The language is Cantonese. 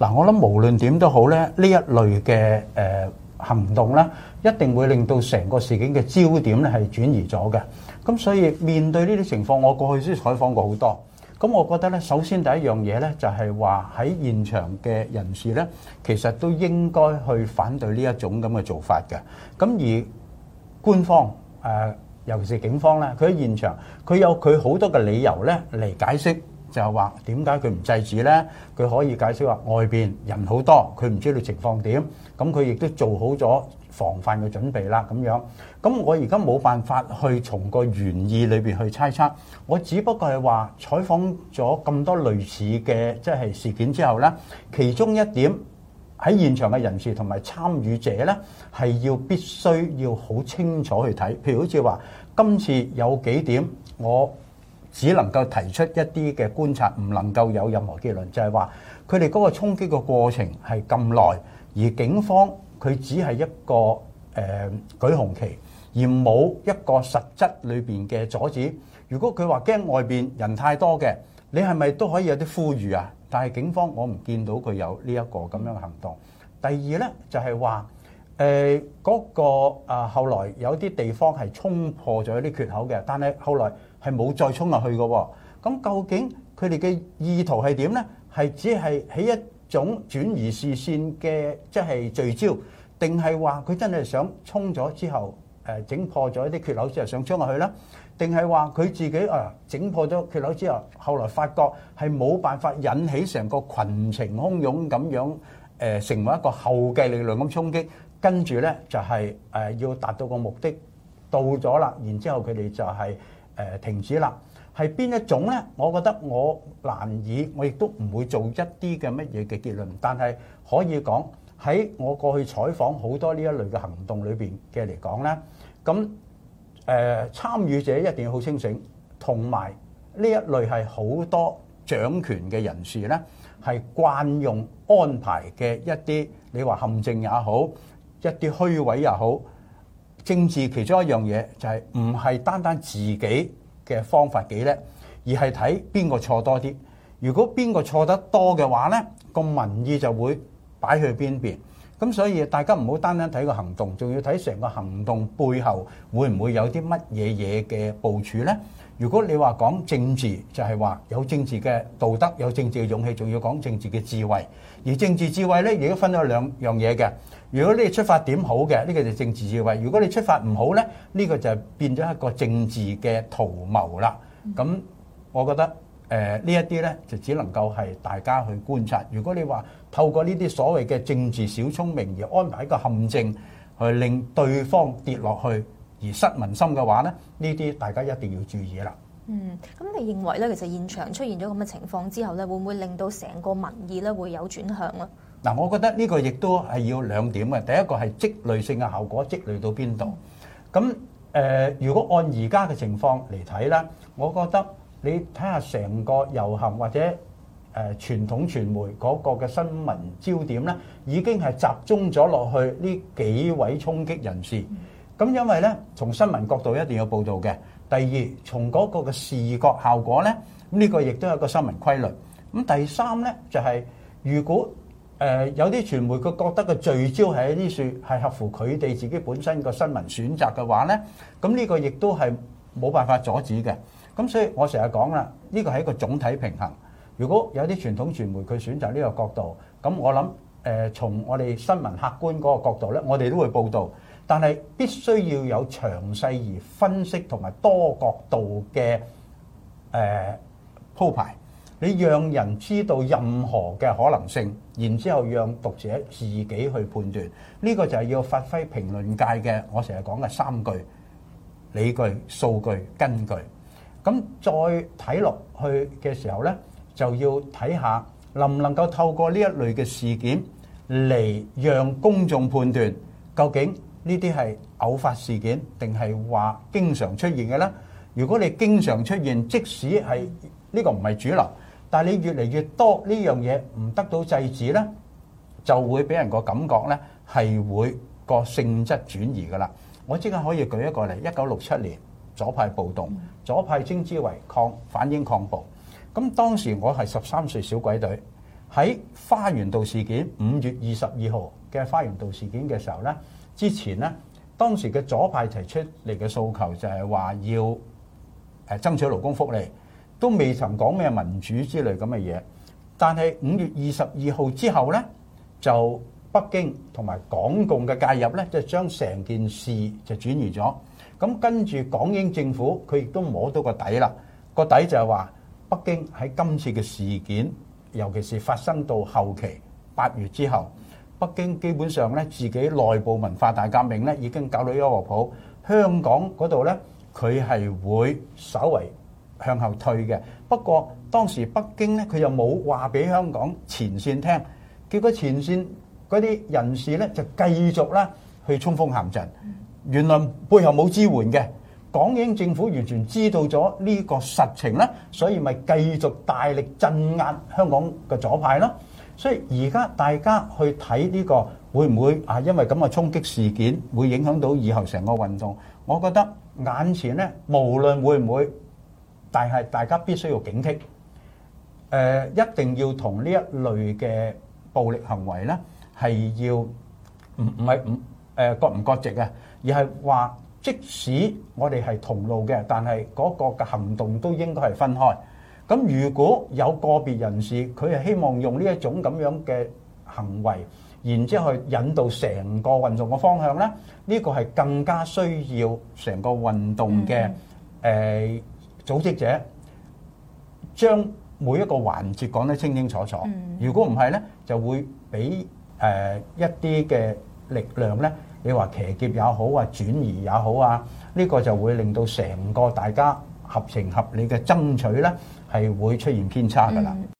嗱，我諗無論點都好咧，呢一類嘅誒行動咧，一定會令到成個事件嘅焦點咧係轉移咗嘅。咁所以面對呢啲情況，我過去先採訪過好多。咁我覺得咧，首先第一樣嘢咧，就係話喺現場嘅人士咧，其實都應該去反對呢一種咁嘅做法嘅。咁而官方誒，尤其是警方咧，佢喺現場，佢有佢好多嘅理由咧嚟解釋。就係話點解佢唔制止呢？佢可以解釋話外邊人好多，佢唔知道情況點。咁佢亦都做好咗防範嘅準備啦。咁樣，咁我而家冇辦法去從個原意裏邊去猜測。我只不過係話採訪咗咁多類似嘅即係事件之後呢，其中一點喺現場嘅人士同埋參與者呢，係要必須要好清楚去睇。譬如好似話今次有幾點我。只能夠提出一啲嘅觀察，唔能夠有任何結論。就係話佢哋嗰個衝擊嘅過程係咁耐，而警方佢只係一個誒、呃、舉紅旗，而冇一個實質裏邊嘅阻止。如果佢話驚外邊人太多嘅，你係咪都可以有啲呼籲啊？但係警方我唔見到佢有呢一個咁樣嘅行動。第二呢，就係、是、話。誒嗰個啊，後來有啲地方係衝破咗一啲缺口嘅，但係後來係冇再衝入去嘅。咁究竟佢哋嘅意圖係點呢？係只係喺一種轉移視線嘅，即係聚焦，定係話佢真係想衝咗之後，誒整破咗一啲缺口之後想衝入去呢？定係話佢自己啊整破咗缺口之後，後來發覺係冇辦法引起成個群情洶湧咁樣，誒成為一個後繼力量咁衝擊？跟住呢就係誒要達到個目的到咗啦，然之後佢哋就係誒停止啦。係邊一種呢？我覺得我難以，我亦都唔會做一啲嘅乜嘢嘅結論。但係可以講喺我過去採訪好多呢一類嘅行動裏邊嘅嚟講呢，咁誒參與者一定要好清醒，同埋呢一類係好多掌權嘅人士呢，係慣用安排嘅一啲你話陷阱也好。一啲虛位又好，政治其中一樣嘢就係唔係單單自己嘅方法幾叻，而係睇邊個錯多啲。如果邊個錯得多嘅話，呢個民意就會擺去邊邊。咁所以大家唔好單單睇個行動，仲要睇成個行動背後會唔會有啲乜嘢嘢嘅部署咧？如果你話講政治，就係話有政治嘅道德，有政治嘅勇氣，仲要講政治嘅智慧。而政治智慧咧，亦都分咗兩樣嘢嘅。如果你出發點好嘅，呢個就政治智慧；如果你出發唔好咧，呢個就變咗一個政治嘅圖謀啦。咁我覺得。誒呢一啲呢，就只能夠係大家去觀察。如果你話透過呢啲所謂嘅政治小聰明而安排一個陷阱，去令對方跌落去而失民心嘅話呢，呢啲大家一定要注意啦。嗯，咁你認為呢，其實現場出現咗咁嘅情況之後呢，會唔會令到成個民意呢會有轉向呢？嗱，我覺得呢個亦都係要兩點嘅。第一個係積累性嘅效果，積累到邊度？咁誒，如果按而家嘅情況嚟睇呢，我覺得。你睇下成個遊行或者誒傳統傳媒嗰個嘅新聞焦點呢，已經係集中咗落去呢幾位衝擊人士。咁因為呢，從新聞角度一定要報導嘅。第二，從嗰個嘅視覺效果呢，咁呢個亦都有個新聞規律。咁第三呢，就係如果誒有啲傳媒佢覺得個聚焦係一啲事，係合乎佢哋自己本身個新聞選擇嘅話呢，咁呢個亦都係冇辦法阻止嘅。咁所以，我成日講啦，呢個係一個總體平衡。如果有啲傳統傳媒佢選擇呢個角度，咁我諗誒，從我哋新聞客觀嗰個角度咧，我哋都會報導。但係必須要有詳細而分析同埋多角度嘅誒鋪排。你讓人知道任何嘅可能性，然之後讓讀者自己去判斷。呢個就係要發揮評論界嘅我成日講嘅三句理據、數據、根據。咁再睇落去嘅時候呢，就要睇下能唔能夠透過呢一類嘅事件嚟讓公眾判斷究竟呢啲係偶發事件定係話經常出現嘅咧？如果你經常出現，即使係呢個唔係主流，但係你越嚟越多呢樣嘢唔得到制止呢，就會俾人個感覺呢係會個性質轉移噶啦。我即刻可以舉一個例：一九六七年。左派暴動，左派稱之為抗反英抗暴。咁當時我係十三歲小鬼隊，喺花園道事件五月二十二號嘅花園道事件嘅時候呢，之前呢，當時嘅左派提出嚟嘅訴求就係話要誒爭取勞工福利，都未曾講咩民主之類咁嘅嘢。但係五月二十二號之後呢，就北京同埋港共嘅介入呢，就將成件事就轉移咗。咁跟住港英政府，佢亦都摸到個底啦。個底就係話，北京喺今次嘅事件，尤其是發生到後期八月之後，北京基本上呢，自己內部文化大革命呢已經搞到一鍋糊，香港嗰度呢佢係會稍為向後退嘅。不過當時北京呢佢又冇話俾香港前線聽，結果前線嗰啲人士呢就繼續啦去衝鋒陷陣。原來背後冇支援嘅，港英政府完全知道咗呢個實情呢，所以咪繼續大力鎮壓香港嘅左派囉。所以而家大家去睇呢個會唔會啊？因為咁嘅衝擊事件會影響到以後成個運動，我覺得眼前呢，無論會唔會，但係大家必須要警惕。誒，一定要同呢一類嘅暴力行為呢，係要唔唔係唔割唔割席嘅，而係話即使我哋係同路嘅，但係嗰個嘅行動都應該係分開。咁如果有個別人士佢係希望用呢一種咁樣嘅行為，然之後去引導成個運動嘅方向咧，呢個係更加需要成個運動嘅誒組織者將每一個環節講得清清楚楚。如果唔係咧，就會俾誒一啲嘅力量咧，你話騎劫也好，啊，轉移也好啊，呢個就會令到成個大家合情合理嘅爭取咧，係會出現偏差噶啦。嗯